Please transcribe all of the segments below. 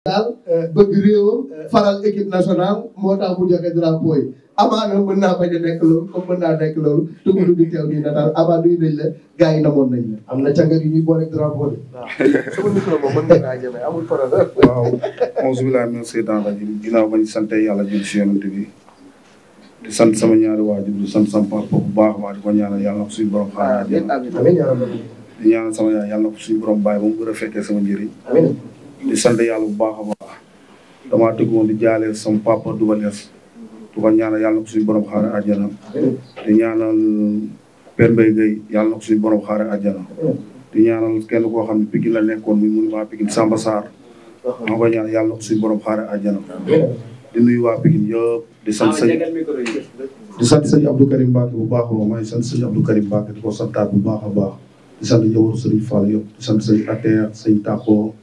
daal euh, bëgg réewam euh, faral équipe nationale moo tax mu joxe drapeau yi amaana mën naa bañ a nekk loolu comme mën naa la gars na càngat yu ñuy boole drapeau bi. waaw sama micro moom mën nga naa jëmee amul problème. waaw onze mille mille seydaan rajim ginnaaw bañ sant yàlla jël si yonent bi di sant sama ñaari waajur di sant sama papa bu na ko sama yaay yàlla na ko suñu mu gën a sama njëriñ. di sant yàlla bu baax a baax damaa dëgg woon di jaalee sama papa Double Less du ko ñaanal yàlla na ko suñu borom xaare àjjana di ñaanal Père Mbaye Gueye yàlla na ko suñu borom xaare àjjana di ñaanal kenn koo xam ne Pikine la nekkoon muy monument Pikine Samba Sarr maa koy ñaanal yàlla na ko suñu borom xaare àjjana di nuyu waa Pikine yëpp di sant sëñ di sant sëñ Abdou Karim Mbacke bu baax moom may sant sëñ Abdou Karim Mbacke di ko santaat bu baax a baax di sant jawaru sëñ Fall yëpp di sant sëñ Ater sëñ Tako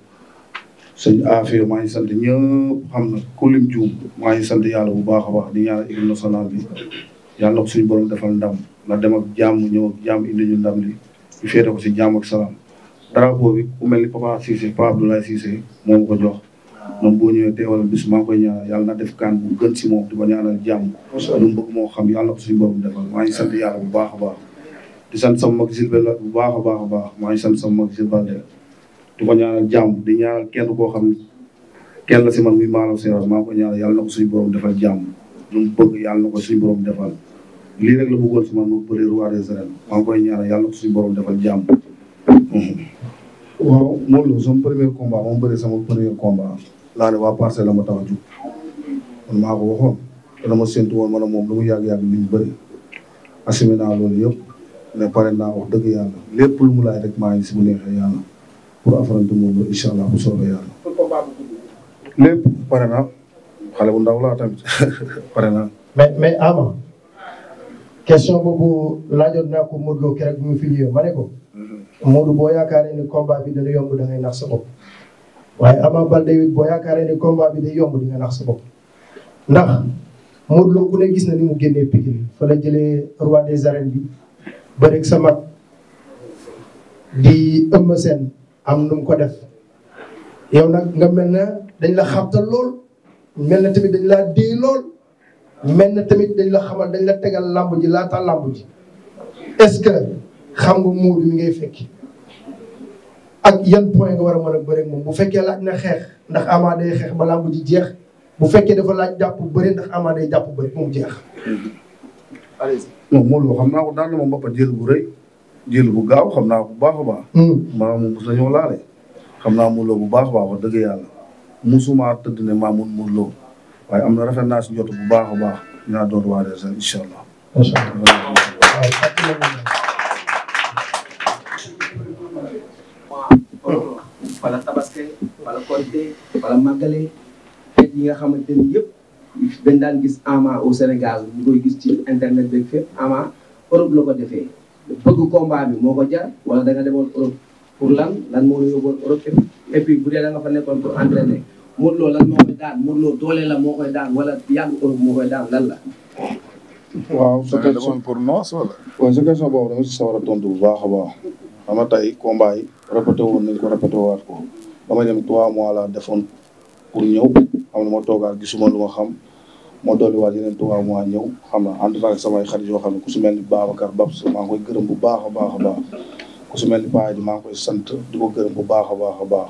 sëñ Afia maa ngi sant ñëpp xam na ku lim juum maa ngi sant yàlla bu baax a baax di ñaan équipe nationale bi yàlla na ko suñu borom defal ndam la dem ak jàmm ñëw ak jàmm indi ñu ndam li ñu féete ko si jàmm ak salaam. drapeau bi ku mel ni Papa Cissé Papa Abdoulaye Cissé moo ko jox moom boo ñëwee teewal bis maa ngi koy yàlla na def kaan bu gën si moom di ko ñaanal jàmm. lu mu bëgg moo xam yàlla na ko suñu borom defal maa ngi sant yàlla bu baax a baax. di sant sama mag Gilles Balde bu baax a baax baax maa ngi sant sama mag Gilles di ko ñaanal jàmm di ñaanal kenn koo xam ne kenn la si man muy maanaam séeréer maa ngi ko ñaanal yàlla na ko suñu borom defal jàmm lu bëgg yàlla na ko suñu defal lii la bëggoon si yàlla na ko suñu borom defal jàmm. waaw moom la sama premier combat moom bëri sama premier combat laa waa parcelle la ma tax a jug man maa ko waxoon te dama séntu ma ne moom lu mu yàgg-yàgg li mu bëri assumé loolu yëpp ne pare naa wax dëgg yàlla lépp lu mu laaj rek maa ngi si pour affronter moom la bu soobee yàlla. lépp pare naa bu ndaw laa tamit pare naa. mais mais Ama question boobu laajoon naa ko Modou Lo keroog bi mu fi ñëwee ne ko. Mhm. boo yaakaaree ni combat bi dana yomb da ngay nax sa bopp. waaye Ama boo yaakaaree ni combat bi day yomb di nga nax sa bopp ndax Modou ku ne gis na ni mu génnee Pikine fa la jëlee roi des arènes bi di Eumeu am nu mu ko def yow nag nga mel na dañ la xabtal lool mel na tamit dañ laa dee lool mel na tamit dañ la xamal dañ la tegal làmb ji laata làmb ji est-ce que xam nga muur mi ngay fekki ak yan point nga war a mën a bëri moom bu fekkee laaj na xeex ndax Ama day xeex ba làmb ji jeex bu fekkee dafa laaj jàpp bëri ndax Ama day jàpp bëri moom jeex. moom Modou Lo xam naa ko daal na ma mbappat jël bu rëy. jël bu gaaw xam naa bu baax a baax. Hmm. maanaam mos nañoo laale. xam naa Modou Lo bu baax a baax wax dëgg yàlla musuma tëdd ne maa mun Modou Lo waaye am na rafet naa si jot bu baax baax dinaa doon waa RSA incha allah. incha allah. wala nga xamante ni dañ daan gis Ama u Sénégal ñu koy gis ci internet beeg fépp Ama Europe la ko defee. bëgg bi moo ko jar wala da nga demoon pour lan lan moo la yóbboon Europe et puis bu dee fa nekkoon pour entraîner Modou Lo lan moo koy daan Modou Lo doole la moo koy wala yàgg Europe moo koy daan lan la. waaw su ko pour noos wala. waaw su question boobu a tontu bu baax a baax xam nga tey combat yi répété woon nañ ko répété waat ko dama dem trois mois la defoon pour ñëw xam nga ma toogaat gisuma lu ma xam. moo dolliwaat yeneen trois mois ñëw xam na en tout cas samay xarit xam ne ku si mel ni Babacar Babs maa ngi koy gërëm bu baax a baax a baax ku si mel ni Paa ji maa ngi koy sant di ko bu baax a baax a baax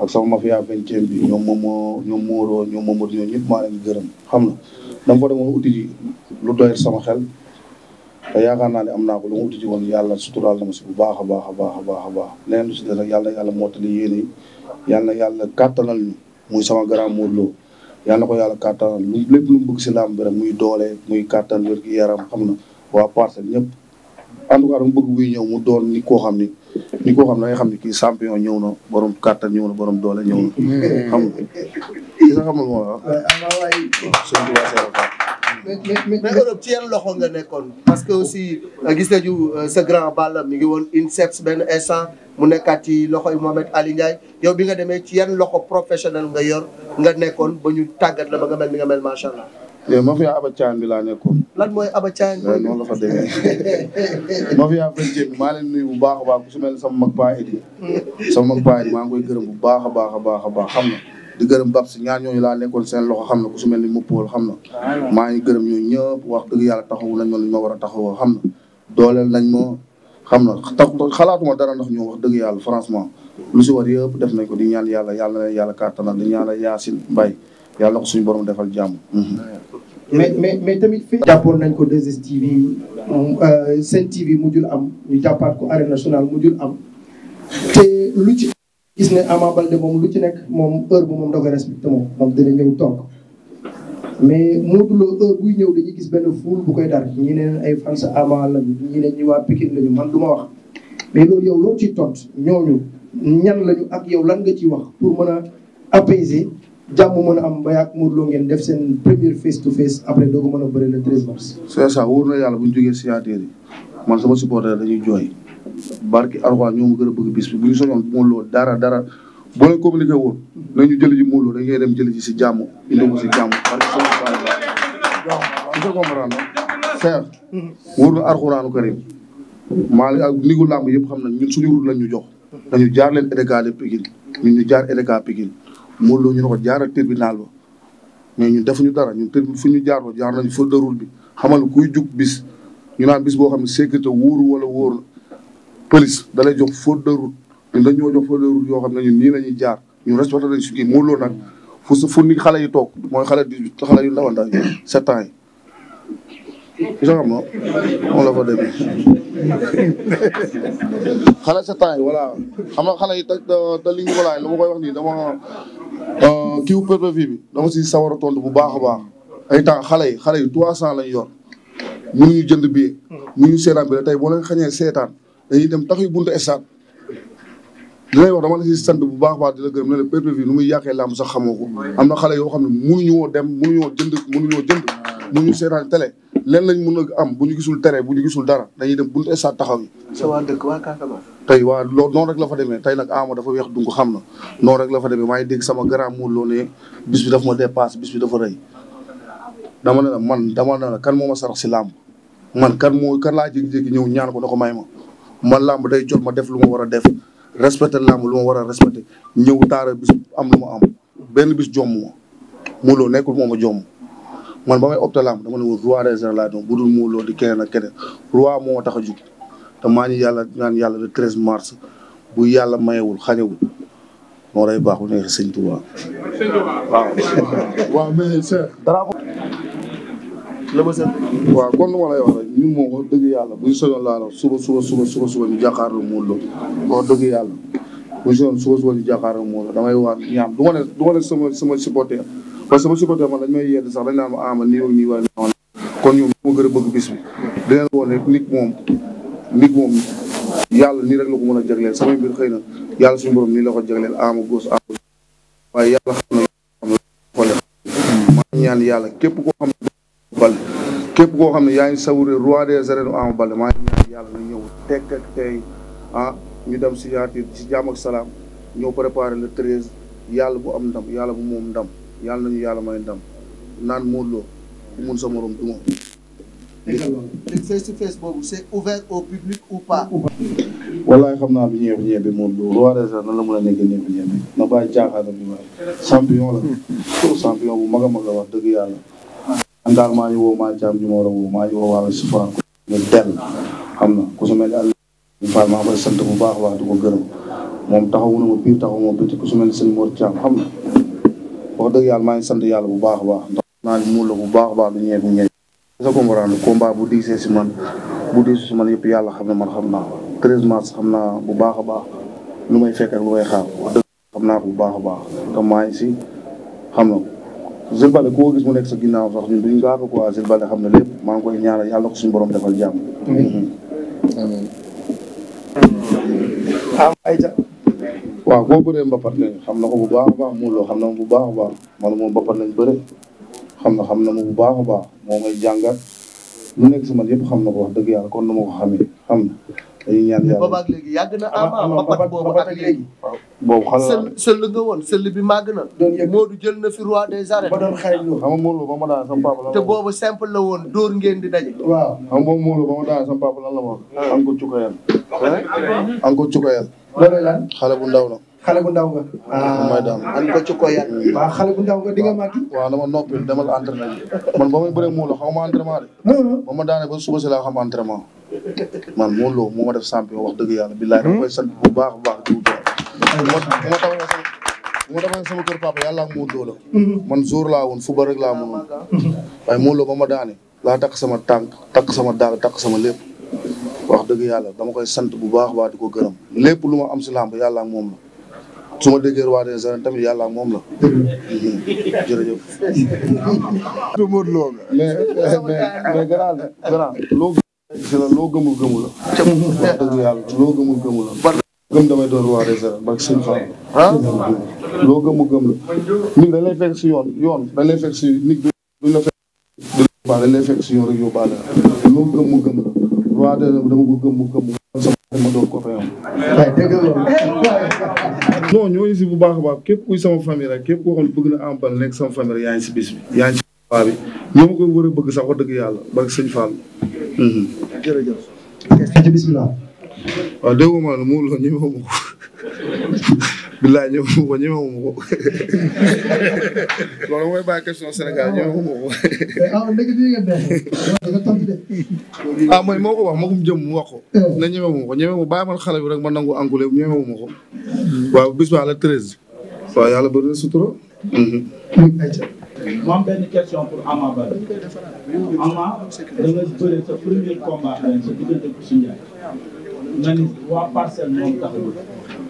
ak sama mafia vingtième bi ñoom Momo ñoom ñoom Mamadou ñoom ñëpp maa leen gërëm xam na dama fa demoon lu doyat sama xel te yaakaar naa ne am naa ko lu ma uti woon yàlla suturaal na ma si bu baax a baax a baax a baax a baax leneen lu si des rek yàlla yàlla mottali yéene yàlla yàlla kàttanal muy sama grand Modou loo yàlla na ko yàlla kàttanal lu lépp lu mu bëgg si làmb muy doole muy kàttan wér gi yaram xam na waa parcelle ñëpp en tout cas dama bëgg buy ñëw mu doon ni koo xam ni ni koo xam ne xam ni kii champion ñëw na borom kàttan ñëw na borom doole ñëw na xam nga isa mais Europe ci yan loxo nga nekkoon parce que aussi a euh, gis nañu euh, sa grand Balla mi ngi woon INSEPS benn instant mu nekkaat ci loxoy Mohamed Ali Ndiaye yow bi nga demee ci yan loxo professionnel nga yor nga nekkoon ba ñu tàggat la ba nga mel mi nga mel macha allah. yow mafia abacaan bi laa nekkoon. lan mooy aba abacaan. waaw noonu la fa demee mafia bi maa leen nuyu bu baax a baax ku su mel sama mag Paa Edi. sama mag Paa Edi maa ngi bu baax a baax a baax a baax xam na. di gërëm bab si ñaar ñooñu laa nekkoon seen loxo xam na ku si mel ni muppool xam na maa ngi gërëm ñooñu ñëpp wax dëgg yàlla taxawu nañ ma lu ma war a taxawoo xam na dooleel nañ ma xam na tax xalaatuma dara ndax ñoom wax dëgg yàlla franchement lu si war yëpp def nañ ko di ñaan yàlla yàlla na leen yàlla di ñaan yaasin mbay yàlla ko suñu borom defal jàmm mais mais mais tamit fi jàppoon nañ ko 2STV euh, Sen TV mujjul am ñu jàppaat ko arène nationale mujjul am te lu ci gis ne Ama Baldé moom lu ci nekk moom heure bu moom da koy moom moom dina ñëw toog mais Modou Lo heure buy ñëw dañuy gis benn foule bu koy dar ñi ne ay fans Ama lañu ñi ne ñi waa Pikine lañu man du ma wax mais loolu yow loolu ciy tont ñooñu ñan lañu ak yow lan nga ciy wax pour mën a apaiser jàmm mën a am ba yàgg Modou Lo ngeen def seen première face to face après doo ko mën a bëri le 13 mars. c'est ça wóor na yàlla bu ñu jógee si man sama dañuy jooy. barki Arouba ñoo ma gën a bëgg bis bi bu ñu soñoon dara dara boo leen communiqué woon nañu jëli ji Modou ngay dem jëli ji si jàmm indi si jàmm barki soñu Fall la waaw ak nigu làmb yëpp xam na ñu suñu route lañ ñu jox dañu jaarleen leen EDK de Pikine ñun ñu jaar EDK Pikine Modou Lo ñu ne ko jaaral tribunal ba mais ñun defuñu dara ñu tribunal fu ñu jaaroo jaar nañu fël de route bi xamal kuy jug bis ñu naan bis boo xam ne sécurité wóoru wala wóoru police da lay jox faute de route yoo xam ne ñun nii la ñuy jaar ñun respecté nañ suñu Modou Lo nag fu su fu ni xale yi toog mooy xale di xale yu ndaw ndaw yi sept ans yi. gis nga moom la fa demee xale sa temps yi voilà xam nga xale yi te te li ñu ko koy wax nii dama euh, kii wu perpétué bi dama si sawar a tontu bu baax a baax. ay temps xale yi xale yi trois cent lañ yor mënuñu jënd billet. mënuñu seetaan bi la tey boo leen xañee seetaan. dañuy dem tax yu buntu stade li lay wax dama si sant bu baax baax di la gërëm ne la pay-per-view nu muy yàqee làmb sax xamoo ko am na xale yoo xam ne mënuñoo dem mënuñoo jënd mënuñoo jënd mënuñu seetaan télé leen lañ mën a am bu ñu gisul tere bu ñu gisul dara dañuy dem buntu stade taxaw yi sa waa dëkk waa tey waa loolu noonu rek la fa demee tey nag ama dafa weex dungu xam na noonu rek la fa demee maa dégg sama grand muur loo ne bis bi dafa ma dépasse bis bi dafa rëy dama ne la man dama ne la kan moo ma sarax si làmb man kan moo kan laa jékki-jékki ñëw ñaan ko na ko may ma man làmb day jot ma def lu ma war a def respecté làmb lu ma war a respecté ñëw taara bis am lu ma am benn bis jomm ma Modou nekkul moom a jomm man ba may opté làmb dama ne woon roi des arènes laa doon bu dul Modou di keneen ak keneen roi moo ma tax a jug te maa ngi yàlla ñaan yàlla le 13 mars bu yàlla mayewul xañewul moo ne baax bu neexee sëñ Touba waaw waaw mais Cheikh la ma sën waaw kon lu ma lay wax rek ñun moom wax dëgg yàlla bu ñu soñoon laa wax suba suba suba suba suba ñu jàkkaarloo Modou Lo wax dëgg yàlla bu ñu soñoon suba suba ñu jàkkaarloo Modou Lo damay wax ñaam ma ne du ma ne sama sama supporter parce sax dañ naan ma ama ah, nii ak kon ñoom ma gën a bëgg bis bi dineen woon rek nit moom nit moom yàlla nii rek la ko mën a jagleel samay mbir xëy na yàlla suñu borom nii la ko jagleel ama góos ama waaye yàlla xam na xam na xoole a ñaan yàlla képp koo xam képp koo xam ne yaa ngi savouré roi des arènes Ama Baldé maa ngi ñaan yàlla na ñëw tekk ak tey ah ñu dem si yaatu si jàmm ak salaam ñëw préparé le treize yàlla bu am ndam yàlla bu moom ndam yàlla nañu yàlla may ndam naan móodloo ku mun sa morom duma face to face boobu c'est ouvert au public ou pas xam naa bi ñeex ñebe moom lu roi des arènes nan la mën a nekk ñeex ñebe na bàyyi caaxaanam bi waaye champion la champion bu mag a la wax dëgg yàlla man daal maa ngi woo maa caam ñu ma war a woo maa a woo waa sufa ñu xam na ku su mel ni Fall maa koy sant bu baax wax di ko gërëm moom taxawu na ma biir taxawu ma su mel ni sëñ Mor Thiam yàlla maa ngi sant yàlla bu baax a baax ndax naa ni muur bu baax a baax du ñeeku ñeeku sa comprendre combat bu diisee si man bu diisee si man yëpp yàlla xam ne man xam naa treize mars xam naa bu baax a baax nu may fekk ak lu may xaar xam naa bu baax a baax te maa ngi si xam na Jules ku ko gis mu nekk sa ginnaaw sax ñun duñu gaako quoi Jules Baldé xam ne lépp maa ngi koy ñaanal yàlla ko suñu borom defal jàmm. amiin. am waaw boo bëree mbapat ne xam na ko bu baax baax Modou Lo xam na ma bu baax a baax man moom mbapat nañ xam na xam na ma bu baax a baax moo may jàngat lu nekk si man yëpp xam na ko wax dëgg yàlla kon na ma ko xam dañuy ñaan yàlla léegi yàgg na ama mbapat boobu ak léegi sël sël nga woon sël bi màgg na Modou jël na fi roi des arènes ba doon xarit loolu xam nga ba ma daan sama papa la te boobu simple la woon dóor ngeen di daje waaw xam nga Modou ba ma daan sama papa lan la ma wax an ko bu ndaw la xale bu ndaw nga. mooy daan an ko ci koy yàq. waaw xale bu ndaw nga di nga màggi. waaw dama noppi demal entraînement ji. man ba may bëree muuloo xaw ma entraînement de. ba ma daane ba suba si laa xam entraînement. man muuloo moo ma def champion wax dëgg yàlla billahi dama koy sant bu baax a baax jiw bi. bu ma defee sama kër papa yàlla ak muuloo la. Mm-hmm. man jour laa woon fubar rek laa mënoon. waaye muuloo ba ma daane. laa takk sama tànk takk sama daal takk sama lépp. wax dëgg yàlla dama koy sant bu baax a baax di ko gërëm lépp lu ma am si làmb yàlla ak moom la su ma déggee roi des arènes tamit yàlla moom la. jërëjëf. du Modou Lo nga. mais mais mais grand grand loo gëm la loo gëmul gëmul la. yàlla loo gëmul gëmul la. gëm damay doon roi des ah? loo gëmul gëm la. nit fekk si yoon yoon dañ fekk si yoon rek yóbbaale la. loo gëmul gëm roi des dama ko gëmul gëmul. ma doog ko ñooñu si bu baax a baax képp kuy sama famille rek képp koo bëgg na am bal nekk sama famille a yaa ngi si bis bi. si waa bi ñoo war a bëgg sax wax dëgg yàlla barke sëñ Fall. Mhm. jërëjëf. est ce que bisimilah. waaw dégg nga maanaam moom bilaay ñëwuma ko ñëwuma ko loolu mooy bàyyi question Sénégal ah, ñëwuma ko. Ah, ah, ah man moo ko wax mu wax ko. Eh. ne ñëwuma ko ñëwuma bàyyi man xale bi rek ma nangu enculé ñëwuma ko. waaw bis ba la treize. waaw yàlla bëri na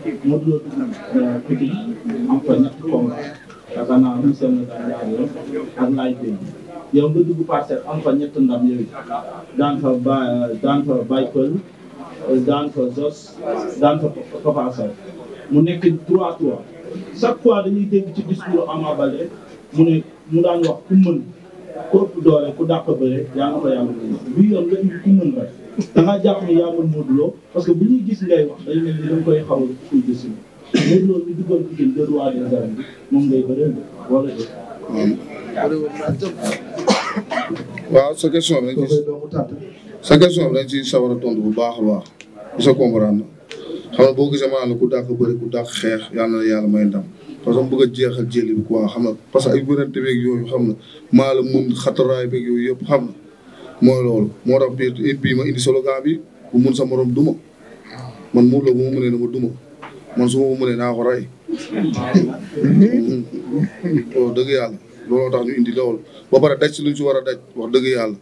Modou Lo dugg Pikine am fa ñetti combat yaakaar naa am seen daan ñaari yoon ak laaj bi yow ba dugg parcelle am fa ñett ndam yooyu daan fa ba daan fa Baykol daan fa Zos daan fa Papa mu nekk 3-3 chaque fois dañuy dégg ci discours Ama Baldé mu ne mu daan wax ku mën ku ëpp ku dàq bëre yaa ngi ko yàlla bii yoon nga indi ku mën rek. da parce que bu gis ngay a kuy gis Modou Lo ñu duggoon ko jël deux rois waaw sa question bi na question sawar a tontu bu baax a baax bisa comprendre na xam nga boo gisee maanaam ku dàq bëri ku dàq xeex yaa na yàlla may ndam parce que mu jeex a jeexal jëli bi xam nga parce que ay wérante beeg yooyu xam nga maa la xataraay beeg yooyu yëpp xam nga mooy loolu moo tax biir bii ma indi slogan bi bu mun sa moroom duma man Modou Lo bu ma mënee na ma duma man su ma ko mënee naa ko rey. wax dëgg yàlla looloo tax ñu indi loolu ba pare daj si luñ si war a daj wax dëgg yàlla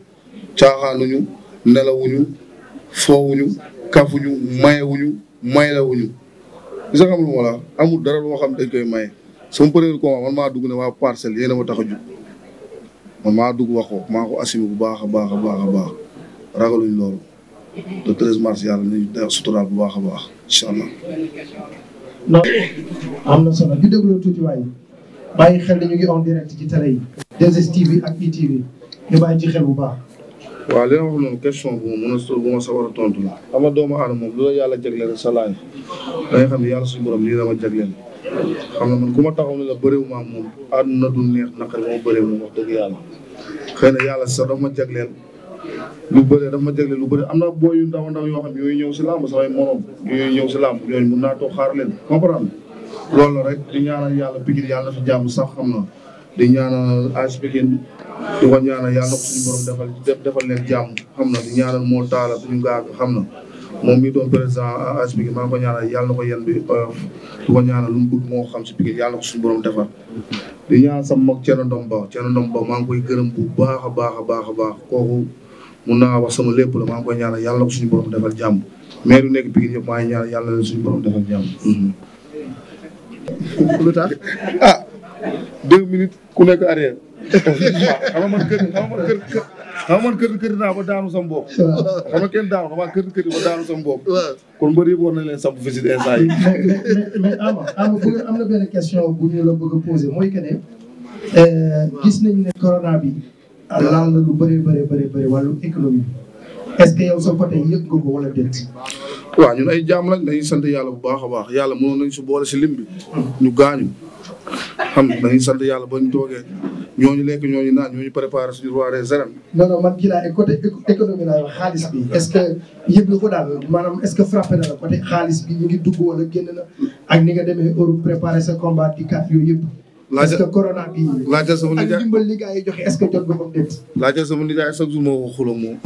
caaxaanuñu nelawuñu foowuñu kafuñu mayewuñu maylawuñu. gis nga xam lu ma la amul dara loo xam dañ koy maye sama premier combat man maa dugg ne waa parcelle yéen a tax a jug man maa dugg wax ko maa ko assumé bu baax a baax a baax a baax ragaluñ loolu le treize mars yàlla nañu suturaal bu baax a baax incha allah. am na solo di déglu tuuti waaye bàyyi xel ñu ngi en direct ci télé yi. 2STV ak ci xel bu baax. waaw li nga wax noonu question bu ma mën na bu a tontu la. xam nga doomu aadama moom lu yàlla jagleel sa laaj da nga xam ne yàlla suñu borom lii dama jagleel. xam nga man ku ma taxaw ne la bëriwuma ak moom àdduna du neex naqari ba ma moom wax dëgg yàlla xëy na yàlla sax dafa ma jagleel lu bëree dafa ma jagleel lu bëri am na booy yu ndaw ndaw yoo xam ñooy ñëw si làmb samay morom ñooy ñëw si làmb ñooñu mun naa toog xaar leen comprendre loolu rek di ñaanal yàlla pikir yàlla fi jàmm sax xam na di ñaanal AS Pikine di ko ñaanal yàlla ko suñu defal defal leen xam na di ñaanal moo taala suñu gaag xam na moom mi doon président AS Pikine maa ngi ko ñaanal yàlla na ko yen bi du ko ñaanal lu mu bëgg moo xam si Pikine yàlla na ko suñu borom defar di ñaan sama mag Thierno Ba Thierno Ndom Ba maa ngi koy a baax baax a baax kooku mun naa wax sama lépp la maa ngi koy ñaanal yàlla na ko suñu borom defal jàmm maire yu nekk Pikine yëpp maa ngi ñaanal yàlla na suñu borom defal jàmm lu tax ah, nekk arrière xam nga man kër xam nga man kër xam man kër kër naa ba daanu sam bopp xam nga kenn daanu xam nga kër kër ba daanu sam bopp kon mbër yëpp war leen samp visite instant yi mais ama ama bëgg am na benn question bu ñu la bëgg posé mooy que ne euh, gis nañ ne corona bi laal na lu bëree bëri bëri bëri wàllu économie est-ce que yow sa côté yëg nga ko wala déet waaw ñun ay jaam lañ dañuy sant yàlla bu baax a baax yàlla mënoon nañ si boole si lim bi hmm. ñu gaañu xam dañuy sant yàlla ba ñu toogee ñooñu lekk ñooñu naan ñooñu préparé suñu roi des arènes. non non man kii laa économie laa xaalis bi mm. est-ce que yëg nga ko daal maanaam est-ce que frappé na la côté xaalis bi ñu ngi dugg wala génn ak ni nga demee Europe préparé sa combat di kat yooyu que corona bi laajal sama nijaay ak ndimbal li gars yi joxe est-ce sama nijaay chaque jour moo ko xuloo moom.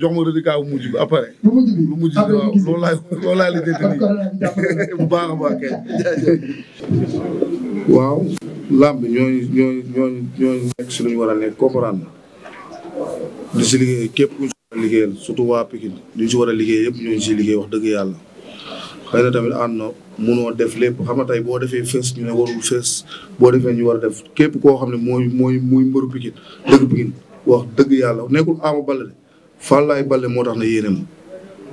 jox ma radical bu mujj bi après. bu mujj bi bu mujj bi la jënd a waaw. làmb ñooñu ñooñu ñooñu ñooñu nekk si lu ñu war a nekk comprendre na di si liggéey képp ku ñu si waa Pikine li si war a liggéey yëpp ñooñu si liggéey wax dëgg yàlla xëy na tamit ànd na munoo def lépp xam na tey boo defee fees ñu ne warul boo defee ñu war a def képp koo xam ne mooy mooy muy mbëru Pikine dëgg Pikine wax dëgg yàlla nekkul Ama Baldé de Fallaye Baldé moo tax na yéene ma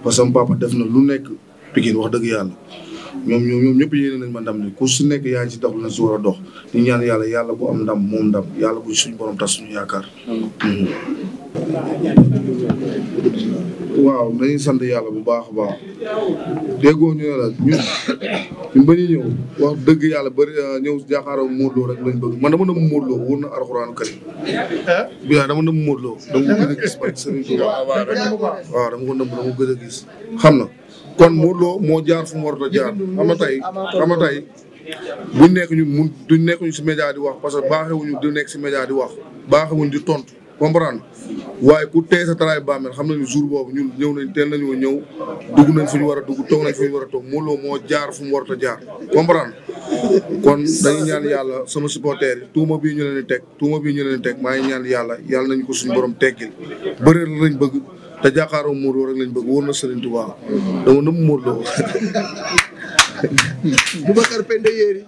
parce que sama def na lu nekk Pikine wax dëgg yàlla ñoom ñoom ñoom ñëpp yéene nañ ma ndam li ku si nekk yaa ngi ci na su ne si war a dox di ñaan yàlla yàlla bu am ndam moom ndam yàlla bu suñu borom tas suñu yaakaar. waaw dañuy sant yàlla bu baax a baax déggoo ñu ne wax dëgg yàlla bëri ñëw jàkkaaroo Modou Lo rek bëgg man na alxuraan karim bi dama nam Modou Lo dama ko gën a gis ba waaw dama ko nam dama ko xam na kon Modou Lo moo jaar fu mu a jaar xam nga tey xam nga nekk ñu mun duñ nekk si média di wax parce que baaxewuñu du nekk si média di wax baaxewuñu di tont comprendre waaye ku tey sa taraay bàmmeel xam ñu jour boobu ñun ñëw nañ teel nañoo ñëw dugg nañ fu ñu war a dugg toog nañ fu ñu war a toog Modou moo jaar fu mu warut a jaar comprendre kon dañuy ñaan yàlla sama supporters yi tuuma bii ñu leen di teg tuuma bii ñu leen teg maa ngi ñaan yàlla yàlla nañ ko suñu borom teggil bëre lañ bëgg te jàkkaaroo Modou Lo rek lañ bëgg na Serigne Touba dama nëbb Modou Lo Boubacar Pende